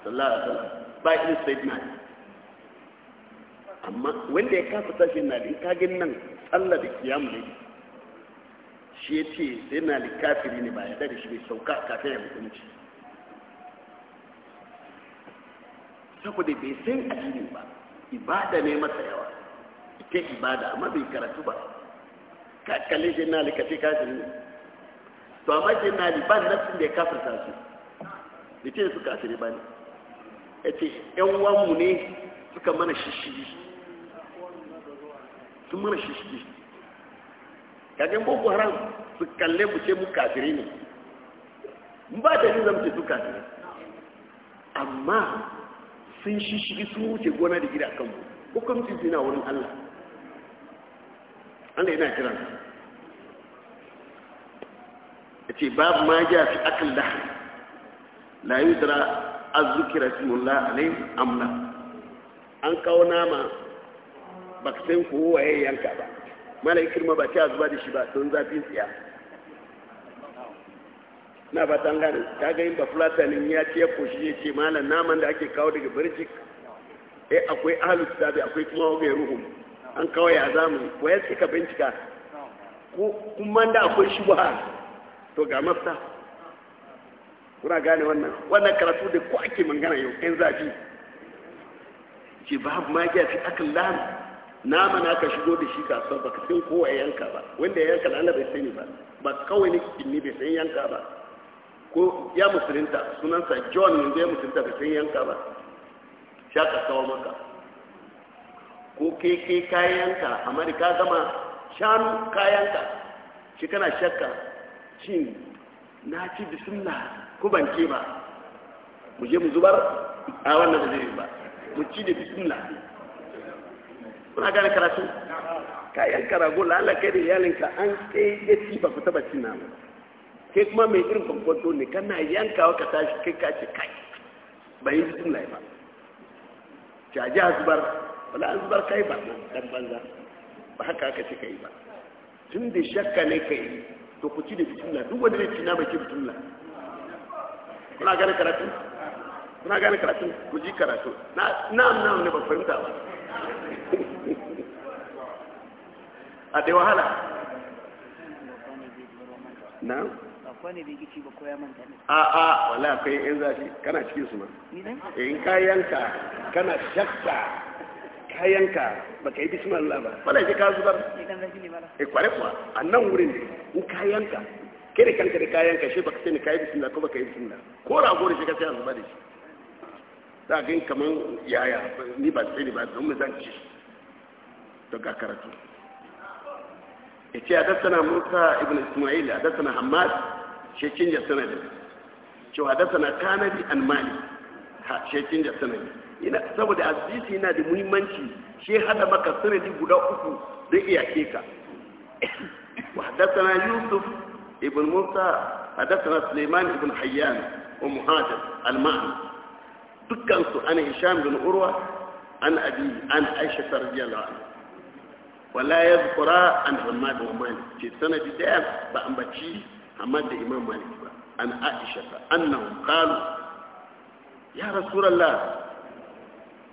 sallallahu alaihi wasallam ba irin sayyidina amma wanda ya kafa tashin na in ka gani nan Allah da kiyamu ne shi yace sai na likafiri ne ba ya da shi bai sauka kafin ya mutunci saboda bai san addini ba ibada ne masa yawa ita ibada amma bai karatu ba ka kalle shi na likafi kafiri ne to amma jannali ban sun da ya kafirta su da ce su kafiri ba ne ya ce ‘yan wanmu ne suka mana shishiri sun mana shishiri kagin boko haram su kalle mu ce mu kafiri ne mu ba da zan ce su kafiri amma sun shishiri sun wuce gona da gida kanmu hukumcin zina wurin allah allah yana kiransu ce babu ma ja fi akal da. la dara azzukira ismullah alayhi am la an kawo nama baka kowa ya yanka ba malaikir ma ba a zuba da shi ba don zafin tsiya na ba ta gani ta gani ba fulatanin ya ce ya koshi ya ce malar naman da ake kawo daga birjik eh akwai ahalus tabi akwai kuma wagai ruhun an kawo ya zamani wayar suka bincika kuma da akwai ba to ga mafita kuna gane wannan wannan karatu da ko ake mangana yau ɗan zafi ce ba ma ya fi akan lamu nama na ka shigo da shi kasuwa ba ka san kowa yanka ba wanda ya yanka lana bai sani ba ba kawai ne ne bai san yanka ba ko ya musulunta sunansa john yanzu ya musulunta bai san yanka ba sha ka kawo maka ko kai kai kayanka amma da ka gama shanu kayanka shi kana shakka shin na ci bismillah ko ban ke ba mu je mu zubar a wannan da zai ba mu ci da bismillah kuna gane karatu ka yan karago kai da iyalinka an sai ya ci ba ku taba cin namu kai kuma mai irin kwamfato ne kana yankawa ka tashi kai ka ce kai ba yi bismillah ba caji a zubar wala an zubar kai ba dan banza ba haka aka ce kai ba tun da shakka ne kai to ku ci da bismillah duk wanda zai ci nama ke bismillah kuna gane karatu kuna gane karatu ku ji karatu na na ne ba fahimta ba a da wahala na kwane bai gici ba koya manta ne a a wala akwai yan zafi kana cikin su ma eh, in kayanka kana shakka ka yanka ba ka yi bismillah ba wala shi ka zubar e kware kuwa a nan wurin ne in ka yanka kere kanka da ka yanka shi ba ka sani ka yi bismillah ko ba ka yi bismillah ko rago da shi ka sai a zubar da shi za ga kamar yaya ni ba sai ni ba don mu zan ci to ga karatu yace hadathana Musa ibn Isma'il hadathana hamad shi cin ya sanadi cewa hadathana Kanadi an mali ha shi cin ya sanadi saboda asisi yana da muhimmanci shi hada maka sanadi guda uku da iyake ka wa hadathana yusuf ibn musa hadathana sulaiman ibn hayyan wa muhajir al-ma'an dukkan su ana hisham bin urwa an abi an aisha radiyallahu anha wala yadhkura an hamad wa mali fi sanadi da ba ambaci hamad da imam malik ba an aisha annahum qalu ya rasulullah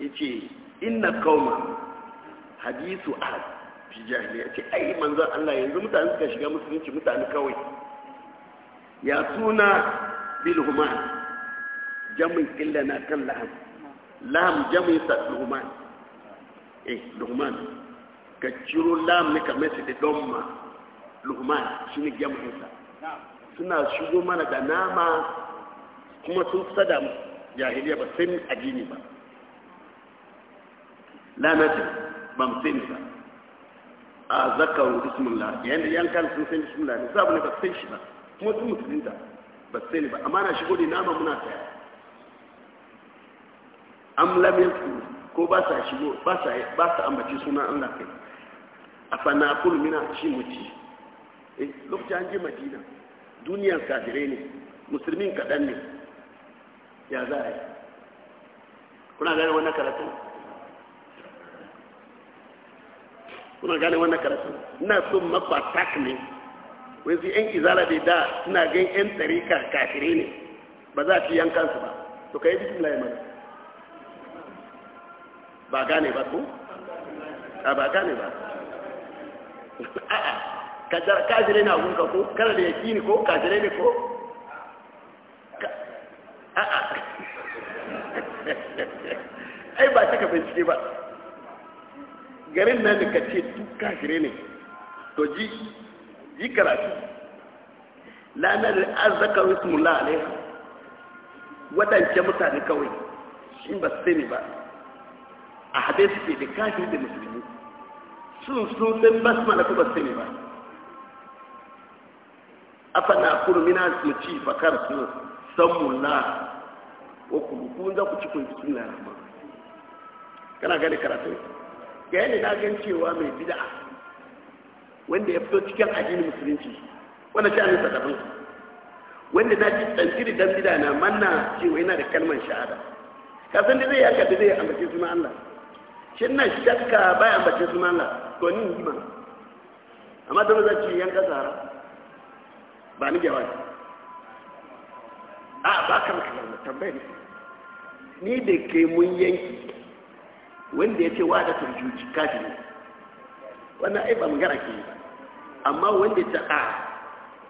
yace inna qauma hadisu ahad fi jahiliya ce ai manzon Allah yanzu mutane suka shiga musulunci mutane kawai ya suna bil human Jami'in illa na kan laham laham jami sa luhman eh luhman ka ciro lam ne kamar su da domma luhman shine jami'in sa suna shigo mana da nama kuma sun da jahiliya ba sai ajini ba la nace ba mu sani a zakaru bismillah yayin da yankan sun san bismillah ne sabu ne ba san shi ba kuma sun musulunta ba sani ba amma na shigo da nama muna tsaya am lam yasku ko ba sa shigo ba sa ba sa ambaci sunan Allah kai a kul mina shi muci eh lokacin an je madina duniyar kafirai ne musulmin kaɗan ne ya za a yi kuna gane wannan karatun kuna gane wannan karatu ina so mafa tak ne wanzu yan izala da da suna gan yan tsarika kafire ne ba za fi yan kansu ba to bikin layi mana ba gane ba ko a ba gane ba a'a kajar kafire na ka ko kana da ne ko kafire ne ko a'a ai ba ta ka bincike ba garin nan da kace duk kafire ne to ji ji karatu lanar azzaka ismullah alaiha wadance mutane kawai shin ba sai sani ba a hadisi ke da kafire da musulmi sun sun sai basmala ko ba sai sani ba afa na kuru mina mu ci fakar su sammula wa kuma kun za ku ci kun ji sunna rahman kana gani karatu yayin da na gan cewa mai bid'a wanda ya fito cikin addinin musulunci wanda shi ne sadabin wanda na ji tsantsiri dan bid'a na manna cewa yana da kalmar shahada kasan da zai ya haka da zai ambace suna Allah shin na shakka baya ambace suna Allah to ni yi ma amma da zan ci yan kasara ba ni jawabi a ba ka maka tambayar ni da ke mun yanki wanda ya ce wa da turjuji kafiri wannan ai ba magana ke ba amma wanda ya ce a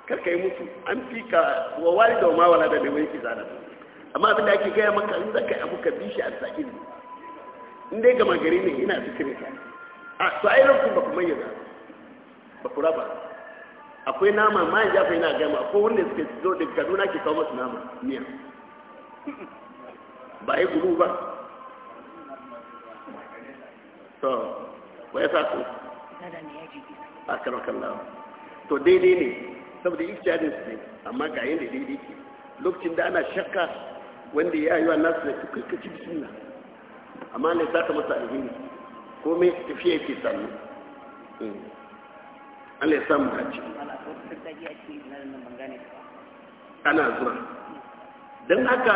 karka yi mutu an fi ka wa wali da wama wala da mai wani kiza da amma abin da ake gaya maka in zaka abu ka bi shi a sa'ili in dai gama gari ne ina zikirin ka a to ai ranku ba ku mayyaza ba ku raba akwai nama ma ya fa yana gama akwai wanda suke zo da kaduna ke kawo masu nama miya ba yi gudu ba to wai sa su a kalla lawa to daidai ne saboda ikhtiyadin su ne amma ga yanda daidai ke lokacin da ana shakka wanda ya yi wa nasu da kakkaci bisimila amma ne za ka masa alheri komai tafiya ke sannu hmm. Allah ya samu hajji ana zuwa don haka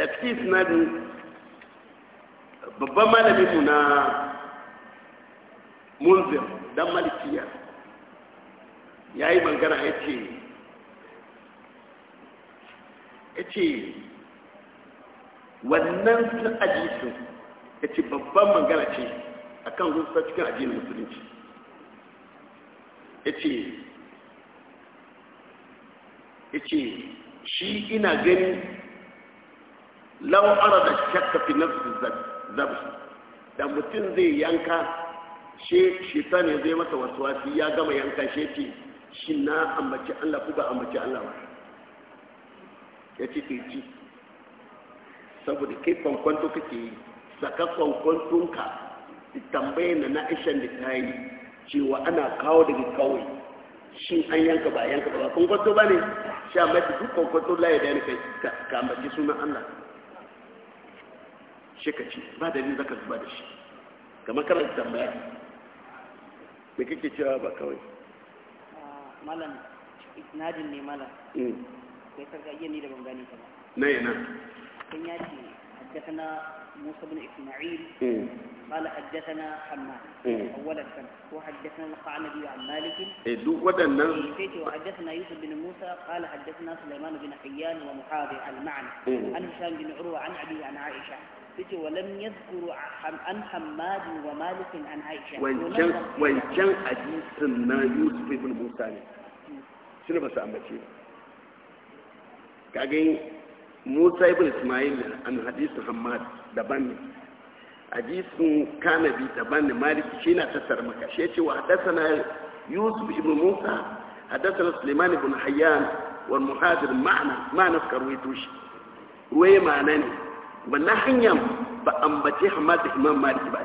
ya fi sinadin babban malamin mu na munzir dan malikiya ya yi mangana ya ce ya ce wannan sun ajisun ya ce babban magana ce a kan rusa cikin ajiyar musulunci ya ce ya ce shi ina gani lau ara da shakka fi nafsu zabi zabhi da mutum zai yanka she ta ne zai masa waswasi ya gama yanka she ce shi na ambaci Allah ko ba ambaci Allah ba ya ce ke ci saboda kai kwankwanto kake yi saka kwankwantonka tambaye na na ishen da ta yi cewa ana kawo daga kawai shi an yanka ba yanka ba kwankwanto ba ne sha mace duk kwankwanto laye da ya ka ambaci sunan Allah shi ba da ni zaka zuba da shi kamar kana tambaya me kake cewa ba kawai ah, malam isnadin ne malam hmm. kai sarka iya ni da ban gane ta ba na kan ya ce حدثنا موسى بن اسماعيل قال حدثنا حماد اولا وحدثنا القعنبي عن مالك دوك ودنا وحدثنا يوسف بن موسى قال حدثنا سليمان بن حيان ومحاضر المعنى عن هشام بن عروه عن ابي عن عائشه yake walam yadhkuru an hammad wa malik an aisha wancan wancan hadisin na yusuf ibn musa ne shine ba su ambace kage musa ibn ismail an hadisin hammad daban ne hadisin kanabi daban ne malik shi na tattara maka shi yace wa hadathana yusuf ibn musa hadathana sulaiman ibn hayyan wal muhadir ma'na ma'na karuwaito shi ruwaye ma'ana ne wannan hanyar ba ambace hamas da imam maliki ba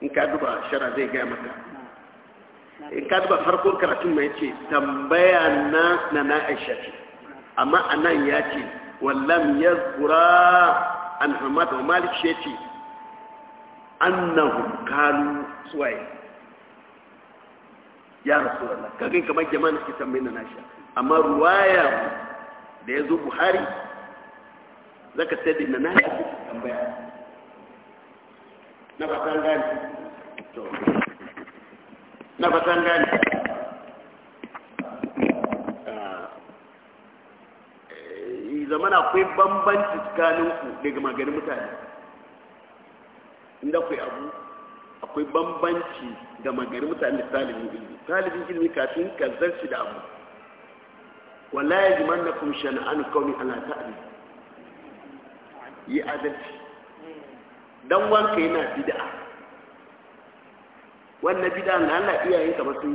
in ka duba shara zai gaya maka in ka duba farkon karatun mai ce tambaya na na na'aisha aisha ce amma anan ya ce wallam ya zura an hamad wa malik shi ce na kalu suwaye ya rasu wallah kagin kamar jama'a na ke tambayin na nasha amma ruwaya da ya zo buhari zaka sai da na ka tambaya na fatan gani to na fatan gani eh, eh, zamana akwai bambanci tsakaninku daga maganin mutane inda akwai abu akwai bambanci ga maganin mutane da talibin ilimi talibin ilimi kafin ka zarci da abu wallahi ya ji manna kun shana'an ala ta'lim yi adalci don wanka yana bid'a wannan bid'a na ana iyayen ka ba sun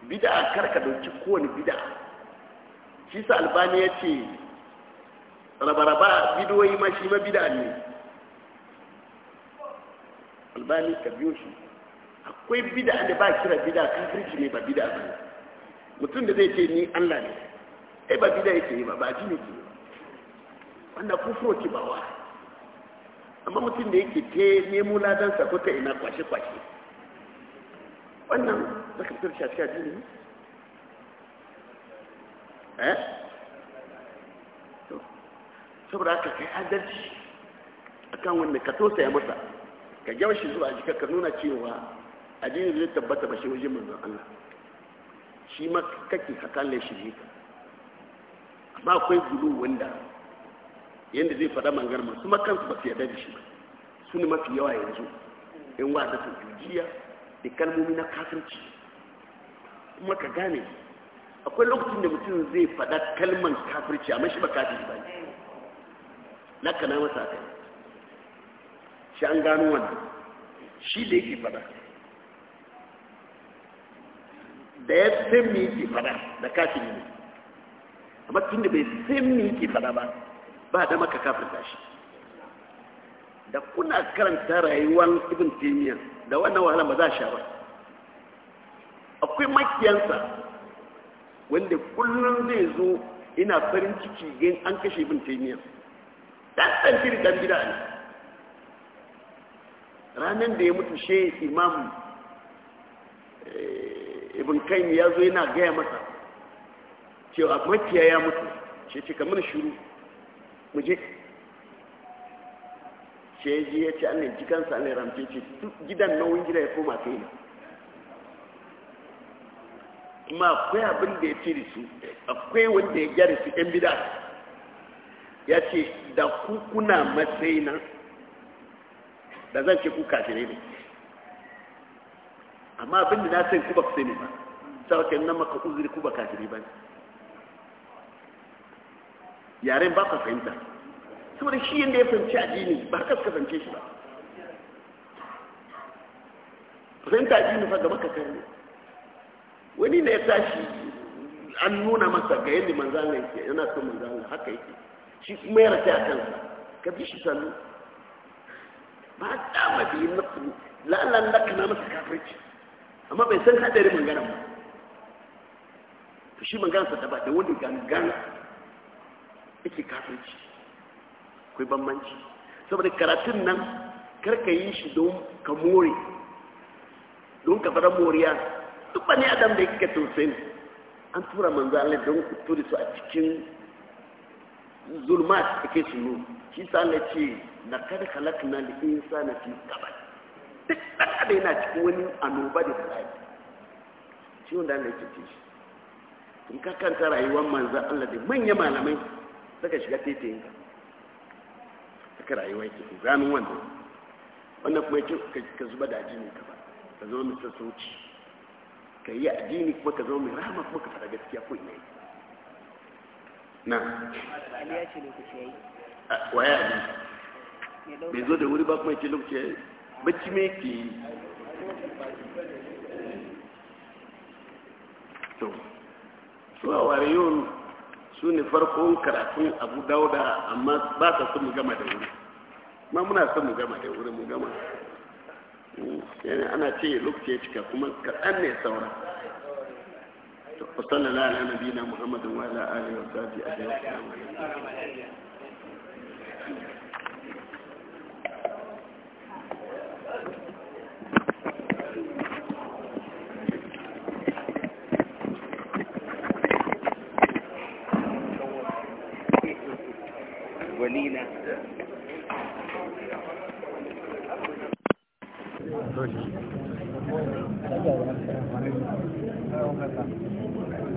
yi bid'a kar ka dauki kowane bid'a shi sa albani ya ce raba-raba bidoyi ma shi ma bid'a ne albani ka biyo shi akwai bid'a da ba kira bid'a kirki ne ba bid'a ba mutum da zai ce ni Allah ne ai ba bid'a yake yi ba ba ji ne ke wanda kufuro ki bawa amma mutum da yake te nemo ladansa ko ta ina kwashe-kwashe wannan zaka fitar shafi a jini eh saboda ka kai adalci akan wanda ka tosa ya masa ka gyara shi zuwa jika ka nuna cewa addini zai tabbata ba shi wajen manzon Allah shi ma kake hakan ne shi ka ba akwai gulu wanda yadda zai faɗa mangar masu makansu ba su yarda da shi ba su ne mafi yawa yanzu in wa da jujiya da kalmomi na kafirci kuma ka gane akwai lokacin da mutum zai faɗa kalman kafirci amma shi ba kafirci ba ne na masa kai shi an gano wannan shi da yake faɗa da ya san me yake faɗa da kafirci ne amma tun da bai san me yake faɗa ba ba da maka kafin shi da kuna karanta rayuwar ibn taymiyyah da wannan wahala ba za a sha ba akwai makiyansa wanda kullum zai zo ina farin ciki gan an kashe ibn taymiyyah dan dan da dan da ne ranan da ya mutu she imam eh, ibn ya zo yana gaya masa cewa makiya ya mutu shi ce shiru muje je ji ya ce annan jikansa kansa allah ramce ce gidan nauyin gida ya koma kai ne kuma akwai abin da ya da su akwai wanda ya gyara su yan bida ya ce da kukuna matsayi nan da zan ce ku kafirai ne amma abin da na sai ku ba ku ba sauke nan maka uzuri ku ba kafirai ba ne yaren ba ka fahimta saboda shi yadda ya fahimci addini ba haka suka fahimce shi ba fahimta addini fa gaba ka kare wani ne ya tashi an nuna masa ga yadda manzana yake yana son manzana haka yake shi kuma ya rata a kansa ka bi shi sannu ba a tsama da yi nufi la'alan lakana masa kafirci amma bai san hadari mangana ba to shi maganarsa da ba da wani gangan yake kafirci akwai banbanci saboda karatun nan karka yi shi don ka more don ka fara moriya duk wani adam da yake tausayin an tura manzo Allah don ku tura su a cikin zulmat da ke sunu shi sa Allah ce na kada halakna da insana fi kabal duk ɗan adam yana cikin wani annoba da bala'i ciwon da Allah ya ce shi in ka kanta rayuwar manzo Allah da manyan malamai suka shiga tetayen suka rayuwa yake ranar wannan wannan kuma yake ka zuba da ajini ka ba ka zama mai sassauci ka yi ajini kuma ka zama mai rahama kuma ka fara gaskiya ko ina yi na waya zo da wuri ba kuma yake lokaci ya yi bacci me ke yi to suwa ware su ne farkon karatun abu dauda amma ba ta su mu gama da wuri ma muna son mu gama da wuri mu gama yana hmm, ana ce lokaci ya cika kuma kaɗan ne saura na وصلى الله على نبينا محمد وعلى اله a اجمعين الأولين Thank you.